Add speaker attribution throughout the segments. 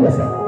Speaker 1: Vamos lá.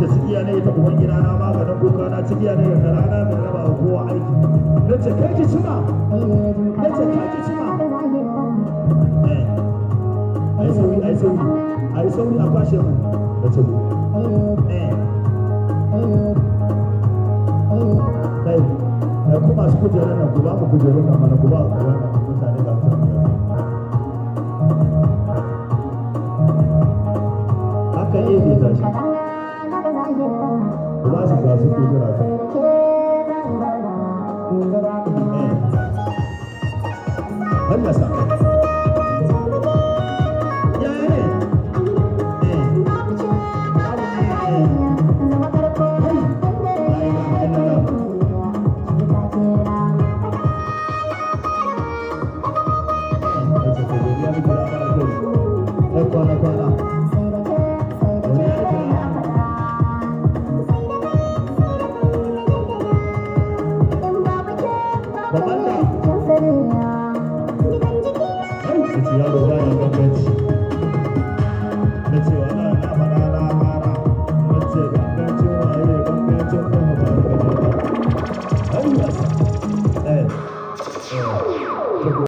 Speaker 1: ce cikiya ne ta uban gida na maganin kuka na cikiya ne da rana da raba wa aiki na ce kai ki cima na ce kai ki cima eh. ai sauri ai sauri ai sauri a kwashe mu da ce kai थोड़ा सा गासिप लेकर आते हैं हरिया na cewa na na faɗa na waye gangancin